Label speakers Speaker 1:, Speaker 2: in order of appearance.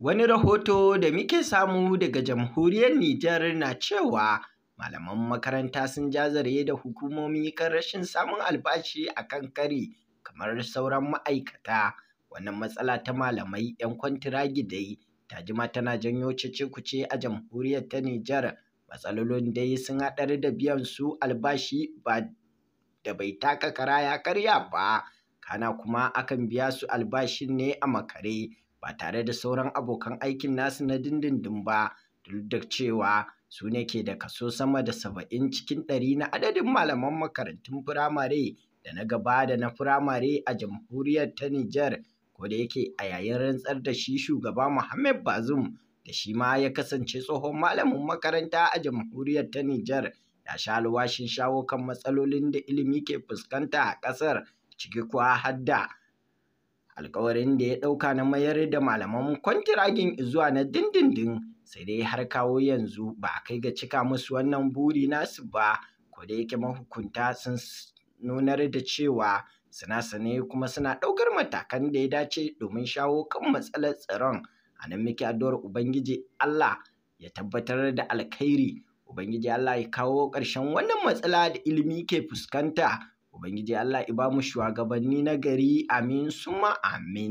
Speaker 1: Wani rahoto da muke samu daga jamhuriyar Nijar na cewa malaman makaranta sun jazare da hukumomi kan rashin samun albashi a kan kari kamar sauran ma'aikata. Wannan matsala ta malamai 'yan kwantira gidai ta jima tana janyo cece-kuce a jamhuriyar ta Nijar. Matsalolin dai sun haɗar da biyan su albashi ba da bai taka kara ya karya ba, kana kuma akan biya su albashin ne a makare. ba tare da sauran abokan aikin nasu na dindindin ba duk da cewa su ne ke da kaso sama da saba'in cikin ɗari na adadin malaman makarantun firamare da na gaba da na firamare a jamhuriyar ta Nijar ko da yake a yayin rantsar da shi shugaba Muhammad Bazum, da shi ma ya kasance tsohon malamin makaranta a jamhuriyar ta Nijar ya sha alwashin shawo kan matsalolin da ilimi ke fuskanta a ƙasar ciki kuwa hadda alkawarin da ya ɗauka na mayar da malaman kwantiragin zuwa na dindindin sai dai har kawo yanzu ba a kai ga cika musu wannan buri nasu ba ko da yake mahukunta sun nunar da cewa suna sane kuma suna ɗaukar matakan da ya dace domin shawo kan matsalar tsaron a nan muke addu'ar ubangiji Allah ya tabbatar da alkhairi ubangiji Allah ya kawo ƙarshen wannan matsala da ilimi ke fuskanta Ubangiji Allah i ba mu shugabanni na gari amin suma amin.